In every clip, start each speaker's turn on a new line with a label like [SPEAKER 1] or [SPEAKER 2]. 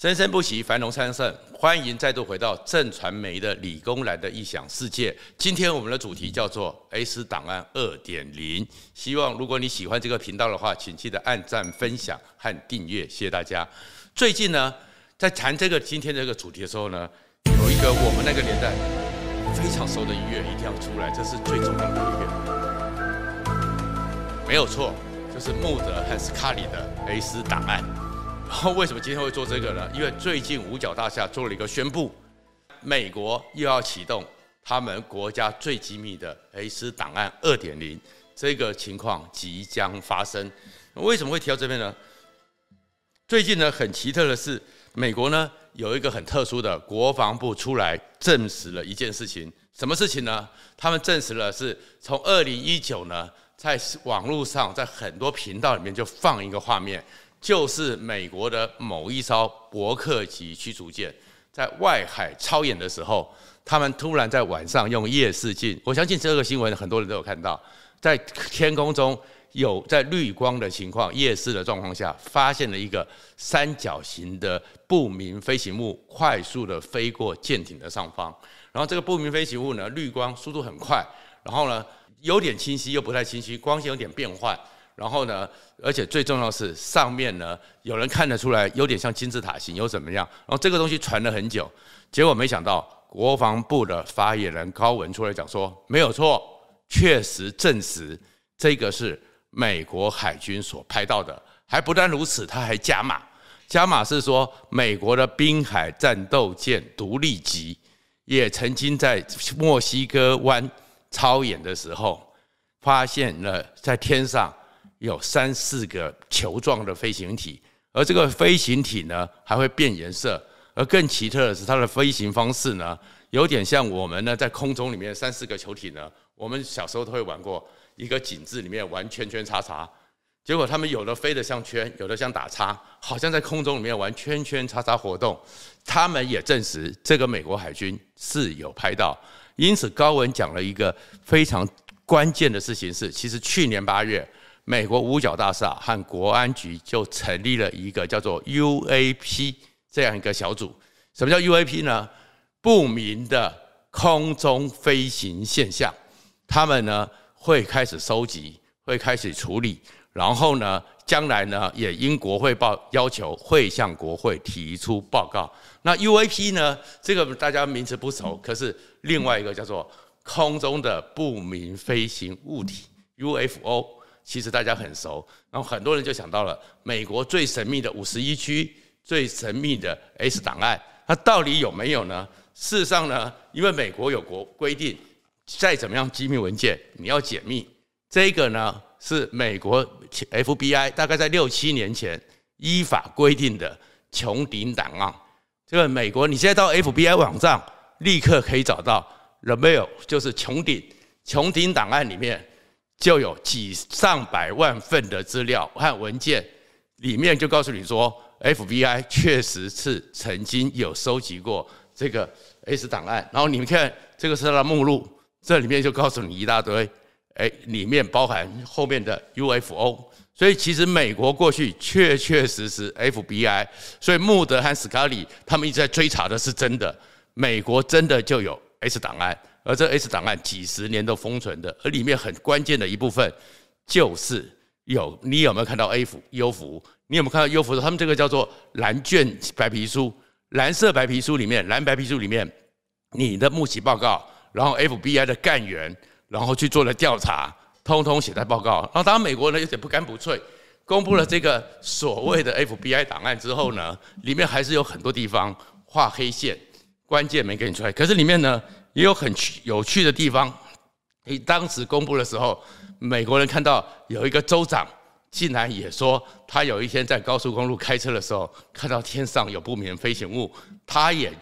[SPEAKER 1] 生生不息，繁榮昌盛。歡迎再度回到震傳媒的理工男的異想世界。今天我們的主題叫做《X 檔案二點零》。希望如果你喜歡這個頻道的話，請記得按讚、分享和訂閱。謝謝大家。最近呢，在談這個今天這個主題的時候呢，有一個我們那個年代非常熟的音樂一定要出來，這是最重要的音樂。沒有錯，就是穆德和斯卡里的《X 檔案》。為什麼今天會做這個呢？因為最近五角大廈做了一個宣布，美國又要啟動他們國家最機密的 X 檔案二點零，這個情況即將發生。為什麼會提到這邊呢？最近呢，很奇特的是，美國呢有一個很特殊的國防部出來證實了一件事情，什麼事情呢？他們證實了是從二零一九呢，在網絡上，在很多頻道裡面就放一個畫面。就是美國的某一艘伯克級驅逐艦在外海操演的時候，他們突然在晚上用夜視鏡，我相信這個新聞很多人都有看到，在天空中有在綠光的情況、夜視的狀況下，發現了一個三角形的不明飛行物快速的飛過艦艇的上方，然後這個不明飛行物呢，綠光，速度很快，然後呢有點清晰又不太清晰，光線有點變換。然後呢，而且最重要的是，上面呢有人看得出來，有點像金字塔形，又怎麼樣？然後這個東西傳了很久，結果沒想到，國防部的發言人高文出來講說，沒有錯，確實證實這個是美國海軍所拍到的。還不但如此，他還加碼，加碼是說，美國的濱海戰鬥艦獨立級也曾經在墨西哥灣操演的時候，發現了在天上。有三四個球狀的飛行體，而這個飛行體呢還會變顏色。而更奇特的是，它的飛行方式呢，有點像我們呢在空中裡面三四個球體呢，我們小時候都會玩過一個井字裡面玩圈圈叉叉。結果他們有的飛得像圈，有的像打叉，好像在空中裡面玩圈圈叉叉活動。他們也證實這個美國海軍是有拍到。因此，高文講了一個非常關鍵的事情是，其實去年八月。美國五角大廈和國安局就成立了一個叫做 UAP 這樣一個小組。什麼叫 UAP 呢？不明的空中飛行現象。他們呢會開始收集，會開始處理，然後呢將來呢也因國會報要求會向國會提出報告。那 UAP 呢這個大家名詞不熟，可是另外一個叫做空中的不明飛行物體 UFO。其實大家很熟，然後很多人就想到了美國最神秘的五十一區、最神秘的 X 檔案，它到底有沒有呢？事實上呢，因為美國有國規定，再怎麼樣機密文件你要解密。這個呢是美國 FBI 大概在六七年前依法規定的穹頂檔案。這個美國你現在到 FBI 網站立刻可以找到 The Vault 就是穹頂穹頂檔案裡面。就有幾上百萬份的資料和文件，裡面就告訴你說，FBI 確實是曾經有收集過這個 X 檔案。然後你們看，這個是它的目錄，這裡面就告訴你一大堆，哎，裡面包含後面的 UFO。所以其實美國過去確確實實 FBI，所以穆德和斯卡里他們一直在追查的是真的，美國真的就有 X 檔案。而這 X 檔案幾十年都封存的，而裡面很關鍵的一部分，就是有你有沒有看到 F 幽浮？你有沒有看到幽浮他們這個叫做藍卷白皮書，藍色白皮書裡面，藍白皮書裡面，你的目擊報告，然後 FBI 的幹員，然後去做了調查，通通寫在報告。然後當然美國呢有點不幹不脆，公布了這個所謂的 FBI 檔案之後呢，裡面還是有很多地方畫黑線，關鍵沒給你出來。可是裡面呢？也有很趣有趣的地方，你當時公布的時候，美國人看到有一個州長竟然也說，他有一天在高速公路開車的時候，看到天上有不明飛行物，他也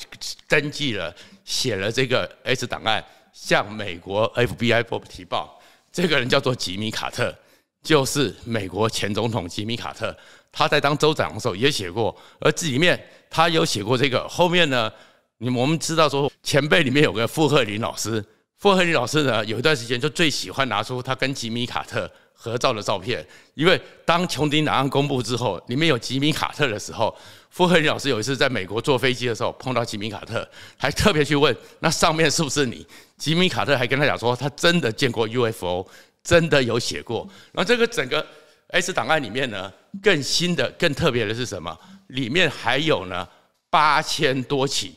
[SPEAKER 1] 登記了，寫了這個 S 檔案，向美國 FBI 報提報。這個人叫做吉米·卡特，就是美國前總統吉米·卡特。他在當州長的時候也寫過，而這裡面他有寫過這個。後面呢？你們我們知道說，前輩裡面有個傅赫林老師。傅赫林老師呢，有一段時間就最喜歡拿出他跟吉米卡特合照的照片，因為當穹頂檔案公布之後，裡面有吉米卡特的時候，傅赫林老師有一次在美國坐飛機的時候碰到吉米卡特，還特別去問那上面是不是你。吉米卡特還跟他講說，他真的見過 UFO，真的有寫過。那這個整個 X 檔案裡面呢，更新的更特別的是什麼？裡面還有呢八千多起，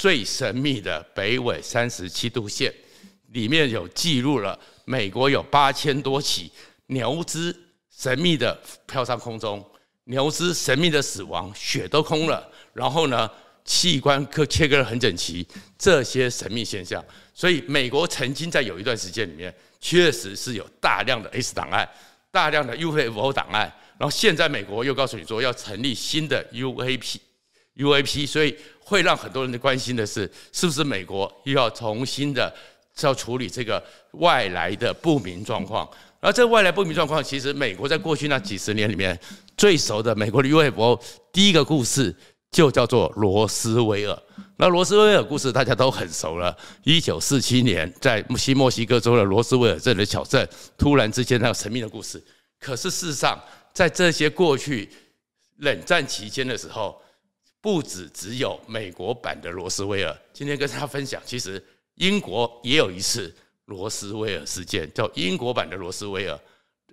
[SPEAKER 1] 最神秘的北緯三十七度線，裡面有記錄了美國有八千多起牛隻神秘的飄上空中，牛隻神秘的死亡，血都空了，然後呢，器官可切割得很整齊，這些神秘現象。所以美國曾經在有一段時間裡面，確實是有大量的 X 檔案，大量的 UFO 檔案。然後現在美國又告訴你說，要成立新的 UAP。UAP，所以會讓很多人的關心的是，是不是美國又要重新的要處理這個外來的不明狀況？而這個外來不明狀況，其實美國在過去那幾十年裡面最熟的美國的 UFO，第一個故事就叫做羅斯威爾。那羅斯威爾故事大家都很熟了，一九四七年在新墨西哥州的羅斯威爾鎮的小鎮，突然之間那個神秘的故事。可是事實上，在這些過去冷戰期間的時候，不只只有美國版的羅斯威爾，今天跟大家分享，其實英國也有一次羅斯威爾事件，叫英國版的羅斯威爾，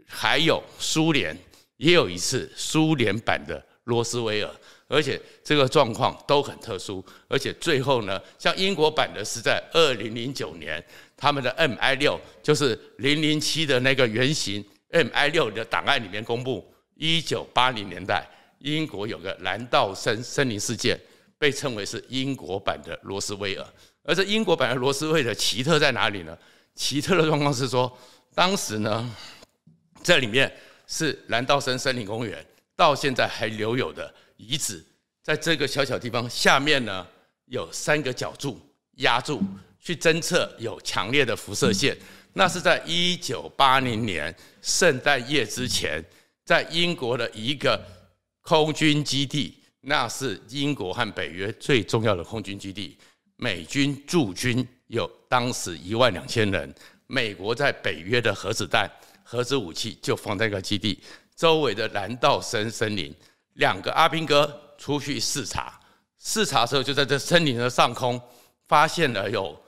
[SPEAKER 1] 還有蘇聯也有一次蘇聯版的羅斯威爾，而且這個狀況都很特殊，而且最後呢，像英國版的是在二零零九年，他們的 MI6 就是007的那個原型 MI6 的檔案裡面公布，一九八零年代。英國有個藍道森森林事件，被稱為是英國版的羅斯威爾。而這英國版的羅斯威爾奇特在哪裡呢？奇特的狀況是說，當時呢，這裡面是藍道森森林公園，到現在還留有的遺址，在這個小小地方下面呢，有三個角柱壓住，去偵測有強烈的輻射線。那是在一九八零年聖誕夜之前，在英國的一個。空軍基地，那是英國和北約最重要的空軍基地。美軍駐軍有當時一萬兩千人。美國在北約的核子彈、核子武器就放在一個基地周圍的藍道森森林。兩個阿兵哥出去視察，視察時候就在這森林的上空發現了有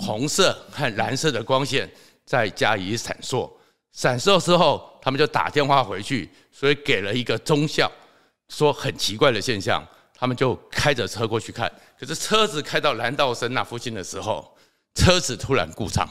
[SPEAKER 1] 紅色和藍色的光線在加以閃爍。閃爍之後，他們就打電話回去，所以給了一個中校。說很奇怪的現象，他們就開着車過去看。可是車子開到藍道森那附近的時候，車子突然故障，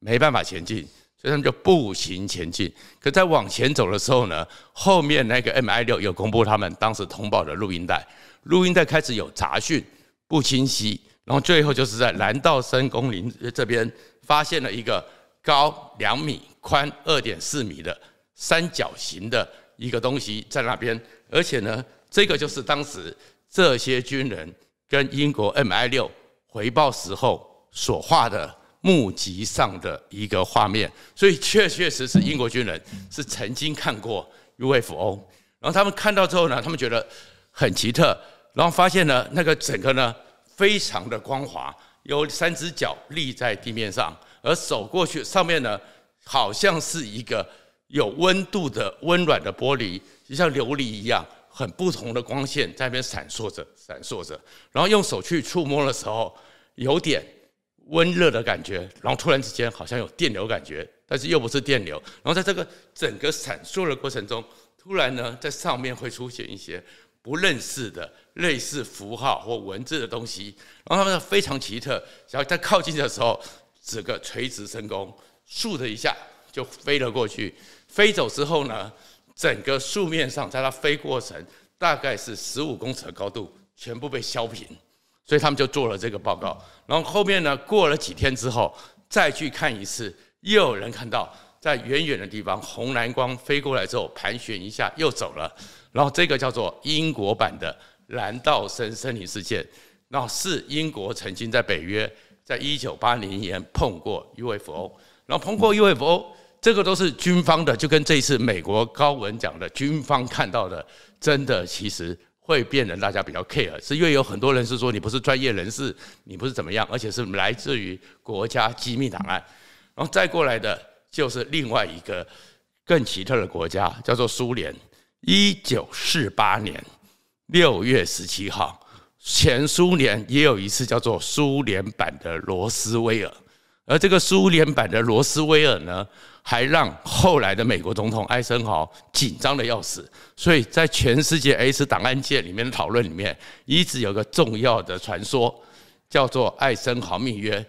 [SPEAKER 1] 沒辦法前進，所以他們就步行前進。可在往前走的時候呢，後面那個 M I 六有公布他們當時通報的錄音帶，錄音帶開始有雜訊，不清晰。然後最後就是在藍道森公林這邊發現了一個高兩米、寬二點四米的三角形的一個東西在那邊。而且呢，這個就是當時這些軍人跟英國 MI6 回報時候所畫的目擊上的一個畫面，所以確確實實英國軍人是曾經看過 UFO，然後他們看到之後呢，他們覺得很奇特，然後發現呢，那個整個呢非常的光滑，有三只腳立在地面上，而走過去上面呢，好像是一個有溫度的溫暖的玻璃。就像琉璃一樣，很不同的光線在那邊閃爍着，閃爍着。然後用手去觸摸的時候，有點溫熱的感覺。然後突然之間，好像有電流感覺，但是又不是電流。然後在這個整個閃爍的過程中，突然呢，在上面會出現一些不認識的類似符號或文字的東西。然後它們非常奇特，然後在靠近的時候，整個垂直升空，咻的一下就飛了過去。飛走之後呢，整個樹面上，在它飛過程，大概是十五公尺的高度，全部被削平，所以他們就做了這個報告。然後後面呢，過了幾天之後，再去看一次，又有人看到在遠遠的地方，紅藍光飛過來之後，盤旋一下又走了。然後這個叫做英國版的藍道森森林事件，然後是英國曾經在北約在1980年碰過 UFO，然後碰過 UFO。這個都是軍方的，就跟這一次美國高文講的，軍方看到的，真的其實會變得大家比較 care，是因為有很多人是說你不是專業人士，你不是怎麼樣，而且是來自於國家機密檔案，然後再過來的就是另外一個更奇特的國家，叫做蘇聯。一九四八年六月十七號，前蘇聯也有一次叫做蘇聯版的羅斯威爾。而這個蘇聯版的羅斯威爾呢，還讓後來的美國總統艾森豪緊張的要死，所以在全世界 X 檔案界裡面的討論裡面，一直有一個重要的傳說，叫做艾森豪密約，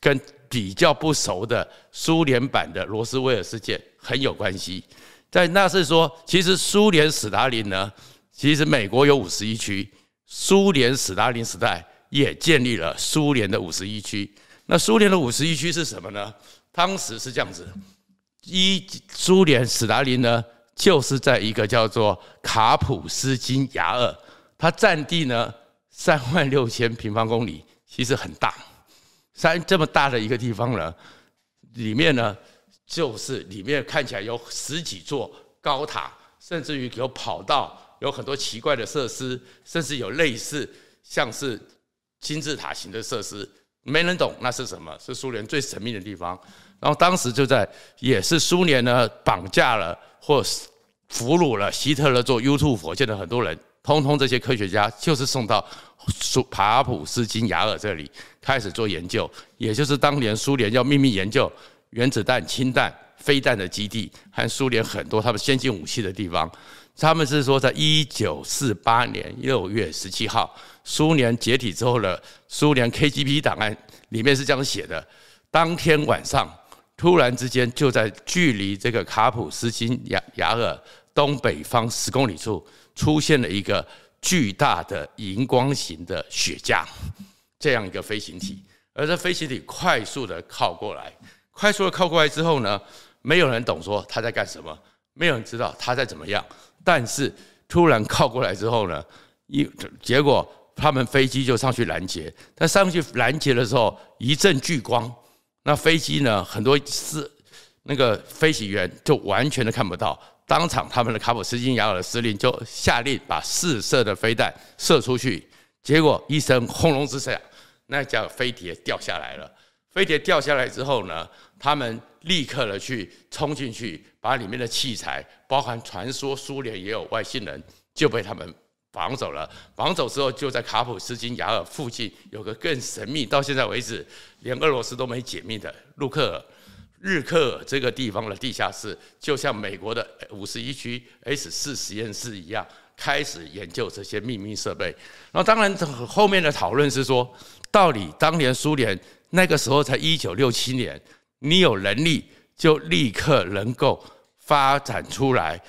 [SPEAKER 1] 跟比較不熟的蘇聯版的羅斯威爾事件很有關係。在那是說，其實蘇聯史達林呢，其實美國有五十一區，蘇聯史達林時代也建立了蘇聯的五十一區。那蘇聯的五十一區是什麼呢？當時是這樣子：一蘇聯史達林呢，就是在一個叫做卡普斯金雅爾，它佔地呢三萬六千平方公里，其實很大。三這麼大的一個地方呢，裡面呢，就是裡面看起來有十幾座高塔，甚至於有跑道，有很多奇怪的設施，甚至有類似像是金字塔型的設施。沒人懂那是什麼，是蘇聯最神秘的地方。然後當時就在，也是蘇聯呢綁架了或是俘虜了希特勒做 U2 火箭的很多人，通通這些科學家就是送到蘇帕普斯金雅爾這裡開始做研究，也就是當年蘇聯要秘密研究原子彈、氫彈、飛彈的基地和蘇聯很多他們先進武器的地方。他們是說在一九四八年六月十七號。蘇聯解體之後呢，蘇聯 KGB 檔案裡面是這樣寫的：當天晚上，突然之間就在距離這個卡普斯金雅雅爾東北方十公里處，出現了一個巨大的熒光型的雪茄，這樣一個飛行體。而這飛行體快速的靠過來，快速的靠過來之後呢，沒有人懂說他在幹什麼，沒有人知道他在怎麼樣。但是突然靠過來之後呢，一結果。他們飛機就上去攔截，但上去攔截的時候，一陣巨光，那飛機呢，很多司那個飛行員就完全都看不到。當場，他們的卡普斯金雅爾司令就下令把試射的飛彈射出去，結果一聲轟隆之下，那架飛碟掉下來了。飛碟掉下來之後呢，他們立刻的去衝進去，把裡面的器材，包含傳說蘇聯也有外星人，就被他們。綁走了，綁走之後，就在卡普斯金雅爾附近有個更神秘，到現在為止連俄羅斯都沒解密的路克爾日克爾這個地方的地下室，就像美國的五十一區 S 四實驗室一樣，開始研究這些秘密設備。那當然後面的討論是說，到底當年蘇聯那個時候才一九六七年，你有能力就立刻能夠發展出來。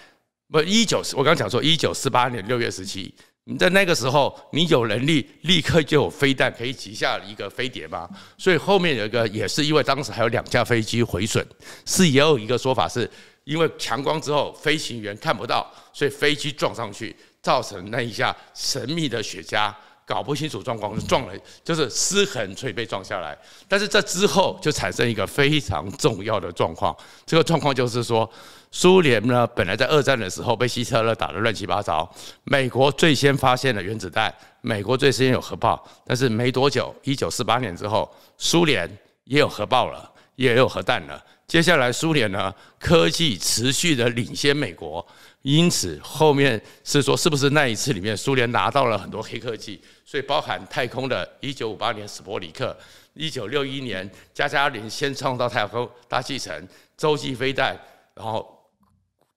[SPEAKER 1] 我一九，我剛講說一九四八年六月十七，在那個時候，你有能力立刻就有飛彈可以擊下一個飛碟嗎？所以後面有一個，也是因為當時還有兩架飛機毀損，是也有一個說法，是因為強光之後飛行員看不到，所以飛機撞上去，造成那一下神秘的雪茄。搞不清楚狀況就撞了，就是失衡，所以被撞下來。但是這之後就產生一個非常重要的狀況，這個狀況就是說，蘇聯呢本來在二戰的時候被希特勒打得亂七八糟，美國最先發現了原子彈，美國最先有核爆，但是沒多久，一九四八年之後，蘇聯也有核爆了，也有核彈了。接下來，蘇聯呢科技，持續的領先美國，因此後面是說，是不是那一次裡面，蘇聯拿到了很多黑科技，所以包含太空的，一九五八年史波里克，一九六一年加加林先創造太空大氣層、洲際飛彈，然後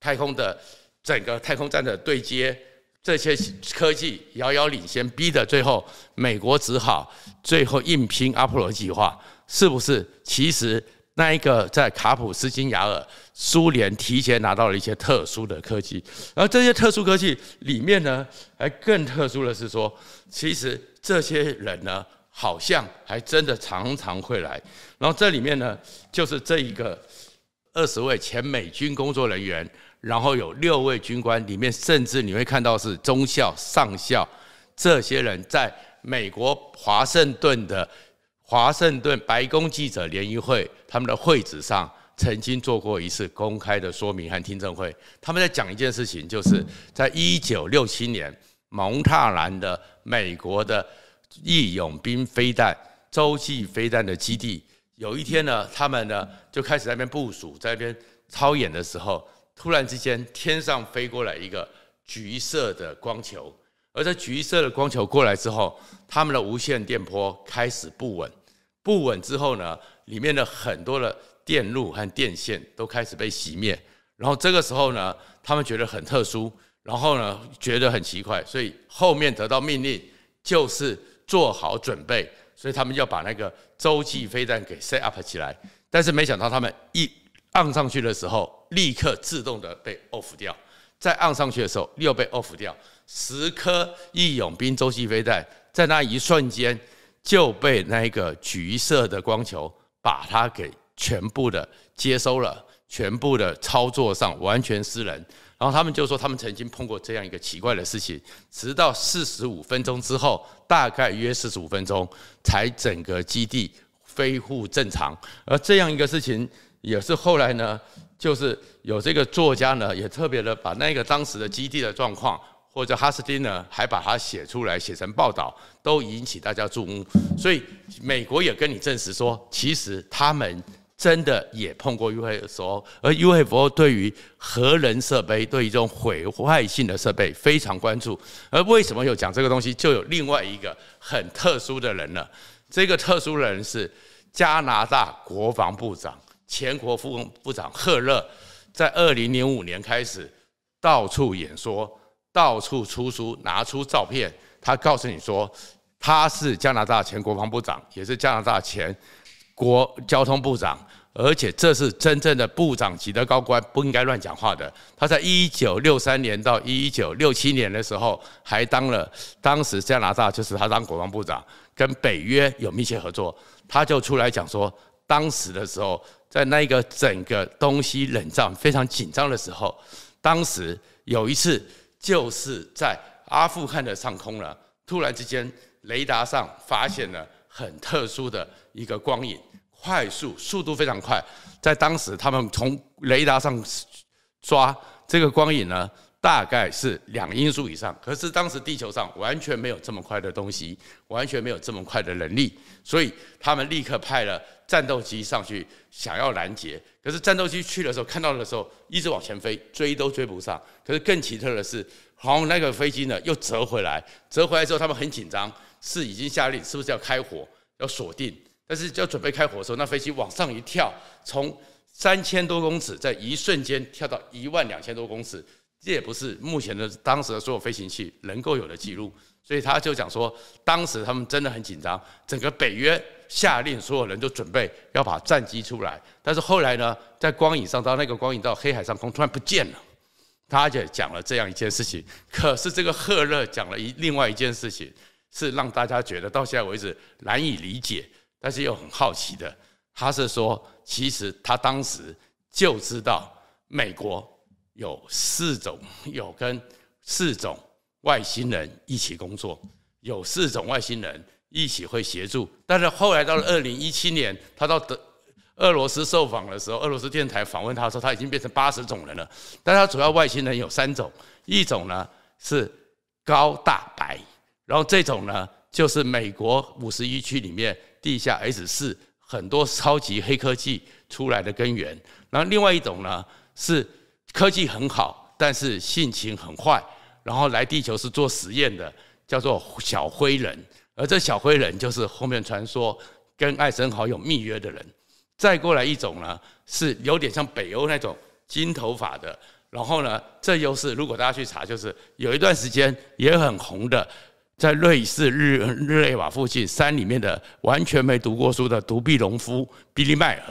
[SPEAKER 1] 太空的整個太空站的對接，這些科技遙遙領先，逼得最後美國只好最後硬拼阿波羅計劃，是不是？其實。那一個在卡普斯金雅爾，蘇聯提前拿到了一些特殊的科技，然後這些特殊科技裡面呢，還更特殊的是說，其實這些人呢，好像還真的常常會來。然後這裡面呢，就是這一個二十位前美軍工作人員，然後有六位軍官，裡面甚至你會看到是中校、上校，這些人在美國華盛頓的華盛頓白宮記者聯誼會，他們的會址上曾經做過一次公開的說明和聽證會。他們在講一件事情，就是在一九六七年，蒙大拿的美國的義勇兵飛彈洲際飛彈的基地，有一天呢，他們呢就開始在那邊部署，在那邊操演的時候，突然之間天上飛過來一個橘色的光球，而在橘色的光球過來之後，他們的無線電波開始不穩，不穩之後呢，裡面的很多的電路和電線都開始被熄滅，然後這個時候呢，他們覺得很特殊，然後呢覺得很奇怪，所以後面得到命令就是做好準備，所以他們要把那個洲際飛彈給 set up 起來。但是沒想到他們一按上去的時候，立刻自動的被 off 掉；再按上去的時候，又被 off 掉。十顆義勇兵洲際飛彈在那一瞬間就被那個橘色的光球，把它給全部的接收了，全部的操作上完全失能。然後他們就說，他們曾經碰過這樣一個奇怪的事情，直到四十五分鐘之後，大概約四十五分鐘，才整個基地恢復正常。而這樣一個事情，也是後來呢，就是有這個作家呢，也特別的把那個當時的基地的狀況。或者哈斯汀呢，還把它寫出來，寫成報道，都引起大家注目。所以美國也跟你證實說，其實他們真的也碰過 UFO，而 UFO 對於核能設備，對於這種毀壞性的設備非常關注。而為什麼有講這個東西，就有另外一個很特殊的人呢，這個特殊的人是加拿大國防部長、前國防部長赫勒，在二零零五年開始到處演說。到處出書，拿出照片，他告訴你說，他是加拿大前國防部長，也是加拿大前國交通部長，而且這是真正的部長級的高官，不應該亂講話的。他在一九六三年到一九六七年的時候，還當了當時加拿大就是他當國防部長，跟北約有密切合作，他就出來講說，當時的時候，在那個整個東西冷戰非常緊張的時候，當時有一次。就是在阿富汗的上空了，突然之間，雷達上發現了很特殊的一個光影，快速，速度非常快，在當時，他們從雷達上抓這個光影呢。大概是兩音速以上，可是當時地球上完全沒有這麼快的東西，完全沒有這麼快的能力，所以他們立刻派了戰鬥機上去想要攔截。可是戰鬥機去的時候，看到的時候一直往前飛，追都追不上。可是更奇特的是，好那個飛機呢又折回來，折回來之後他們很緊張，是已經下令是不是要開火要鎖定，但是要準備開火的時候，那飛機往上一跳，從三千多公尺在一瞬間跳到一萬兩千多公尺。這也不是目前的當時的所有飛行器能夠有的記錄，所以他就講說，當時他們真的很緊張，整個北約下令所有人都準備要把戰機出來，但是後來呢，在光影上到那個光影到黑海上空突然不見了，他就講了這樣一件事情。可是這個赫勒講了一另外一件事情，是讓大家覺得到現在為止難以理解，但是又很好奇的，他是說，其實他當時就知道美國。有四種，有跟四種外星人一起工作，有四種外星人一起會協助。但是後來到了二零一七年，他到俄俄羅斯受訪的時候，俄羅斯電台訪問他的時候，他已經變成八十種人了。但他主要外星人有三種，一種呢是高大白，然後這種呢就是美國五十一區裡面地下 S 4很多超級黑科技出來的根源。然後另外一種呢是。科技很好，但是性情很壞，然後來地球是做實驗的，叫做小灰人。而這小灰人就是後面傳說跟艾森豪有密約的人。再過來一種呢，是有點像北歐那種金頭髮的，然後呢，這又、就是如果大家去查，就是有一段時間也很紅的，在瑞士日日內瓦附近山裡面的完全沒讀過書的獨臂農夫比利邁爾，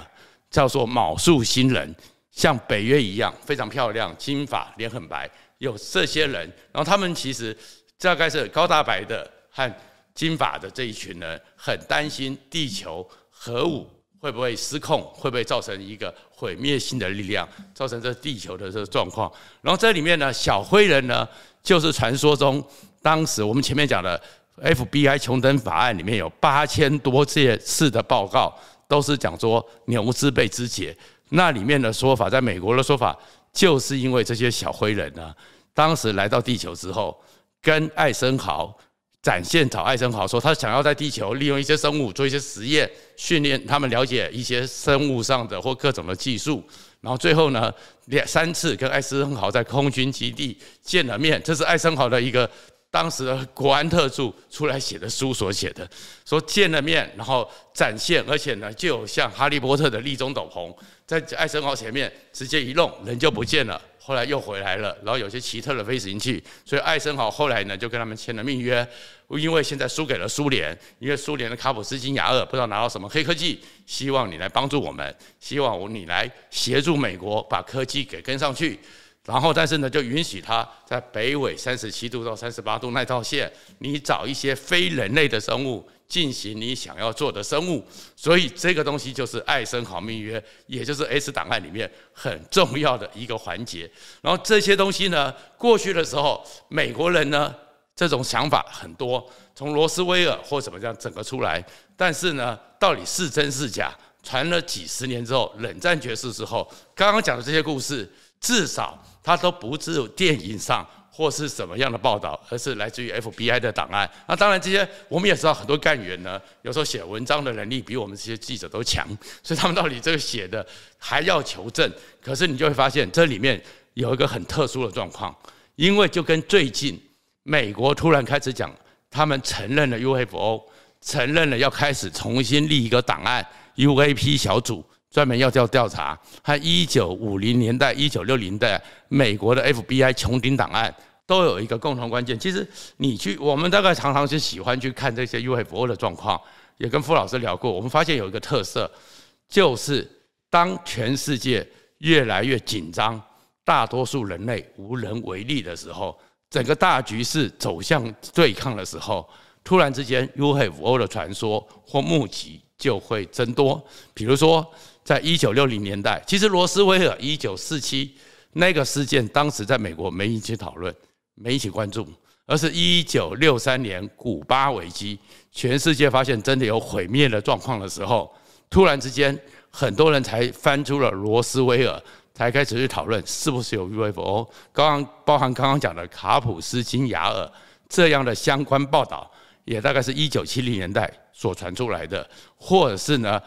[SPEAKER 1] 叫做昴宿星人。像北歐一樣非常漂亮，金髮，臉很白，有這些人，然後他們其實大概是高大白的和金髮的這一群人，很擔心地球核武會不會失控，會不會造成一個毀滅性的力量，造成這地球的這個狀況。然後這裡面呢，小灰人呢，就是傳說中當時我們前面講的 FBI 窮登法案裡面有八千多件次的報告，都是講說牛隻被肢解。那裡面的說法，在美國的說法，就是因為這些小灰人呢、啊，當時來到地球之後，跟艾森豪展現找艾森豪說，他想要在地球利用一些生物做一些實驗，訓練他們了解一些生物上的或各種的技術，然後最後呢，兩三次跟艾森豪在空軍基地見了面，這是艾森豪的一個。當時的國安特助出來寫的書所寫的，說見了面，然後展現，而且呢，就有像哈利波特的立中斗篷，在艾森豪前面直接一弄，人就不見了。後來又回來了，然後有些奇特的飛行器。所以艾森豪後來呢就跟他們簽了密約，因為現在輸給了蘇聯，因為蘇聯的卡普斯金亞爾不知道拿到什麼黑科技，希望你來幫助我們，希望我你來協助美國把科技給跟上去。然後，但是呢，就允許他在北緯三十七度到三十八度那條線，你找一些非人類的生物進行你想要做的生物。所以這個東西就是《艾森豪密約》，也就是 S 檔案裡面很重要的一個環節。然後這些東西呢，過去的時候，美國人呢這種想法很多，從羅斯威爾或什麼樣整個出來。但是呢，到底是真是假？傳了幾十年之後，冷戰結束之後，剛剛講的這些故事。至少它都不只有電影上或是什麼樣的報道，而是來自於 FBI 的檔案。那當然，這些我們也知道，很多幹員呢，有時候寫文章的能力比我們這些記者都強，所以他們到底這個寫的還要求證。可是你就會發現，這裡面有一個很特殊的狀況，因為就跟最近美國突然開始講，他們承認了 UFO，承認了要開始重新立一個檔案 UAP 小組。專門要調調查，他一九五零年代、一九六零年代美國的 FBI 窮頂檔案，都有一個共同關鍵。其實你去，我們大概常常是喜歡去看這些 UFO 的狀況。也跟傅老師聊過，我們發現有一個特色，就是當全世界越來越緊張，大多數人類無能為力的時候，整個大局勢走向對抗的時候，突然之間 UFO 的傳說或目擊，就會增多。比如說，在一九六零年代，其實羅斯威爾一九四七那個事件，當時在美國沒引起討論，沒引起關注，而是一九六三年古巴危機，全世界發現真的有毀滅的狀況的時候，突然之間，很多人才翻出了羅斯威爾，才開始去討論是不是有 UFO。剛剛包含剛剛講的卡普斯金雅爾這樣的相關報道。也大概是一九七零年代所傳出來的，或者是呢，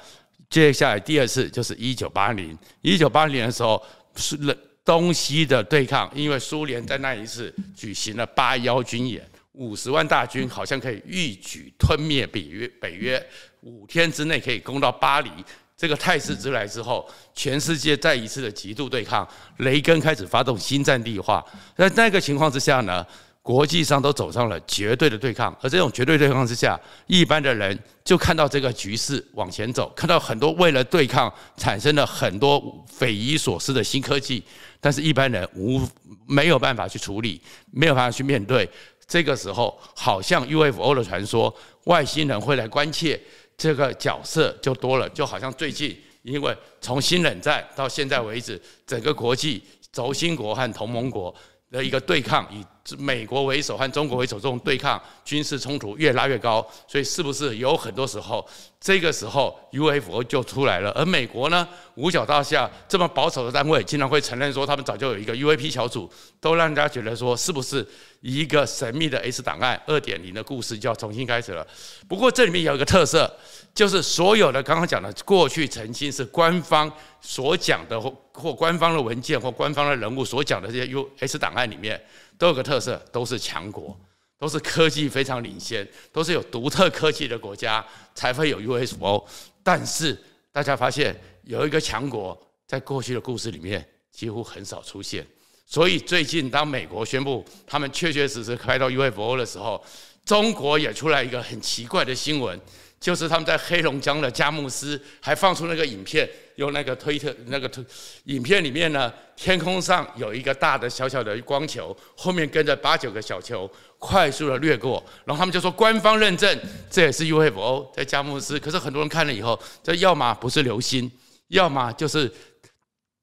[SPEAKER 1] 接下來第二次就是一九八零，一九八零的時候是東西的對抗，因為蘇聯在那一次舉行了八一軍演，五十萬大軍好像可以一舉吞滅北約，北約五天之內可以攻到巴黎。這個態勢之來之後，全世界再一次的極度對抗，雷根開始發動新戰地化，在那個情況之下呢，國際上都走上了絕對的對抗，而這種絕對對抗之下，一般的人就看到這個局勢往前走，看到很多為了對抗產生了很多匪夷所思的新科技，但是一般人無沒有辦法去處理，沒有辦法去面對。這個時候，好像 UFO 的傳說、外星人會來關切這個角色就多了，就好像最近因為從新冷戰到現在為止，整個國際軸心國和同盟國的一個對抗以，是美國為首和中國為首，這種對抗軍事衝突越拉越高，所以是不是有很多時候，這個時候 UFO 就出來了？而美國呢，五角大廈這麼保守的單位，竟然會承認說他們早就有一個 UAP 小組，都讓大家覺得說，是不是一個神秘的 X 檔案二點零的故事就要重新開始了？不過這裡面有一個特色，就是所有的剛剛講的過去曾經是官方所講的或或官方的文件或官方的人物所講的這些 X 檔案裡面。都有個特色，都是強國，都是科技非常領先，都是有獨特科技的國家，才會有 UFO。但是大家發現有一個強國在過去的故事裡面幾乎很少出現，所以最近當美國宣布他們確確實實拍到 UFO 的時候，中國也出來一個很奇怪的新聞，就是他們在黑龍江的佳木斯還放出那個影片。用那個推特，那個推，影片裡面呢，天空上有一個大的小小的光球，後面跟着八九個小球，快速的掠過，然後他們就說官方認證，這也是 UFO 在佳木斯。可是很多人看了以後，這要麼不是流星，要麼就是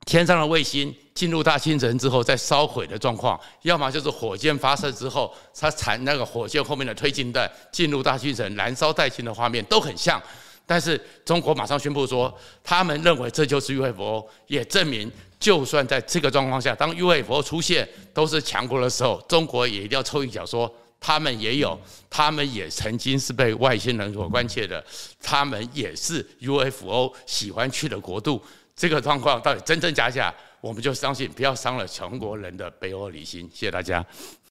[SPEAKER 1] 天上的衛星進入大氣層之後再燒毀的狀況，要麼就是火箭發射之後它產那個火箭後面的推進彈進入大氣層燃燒殆盡的畫面都很像。但是中國馬上宣布說，他們認為這就是 UFO，也證明，就算在這個狀況下，當 UFO 出現都是強國的時候，中國也一定要湊一腳，說他們也有，他們也曾經是被外星人所關切的，他們也是 UFO 喜歡去的國度。這個狀況到底真真假假，我們就相信，不要傷了全國人的玻璃心。謝謝大家。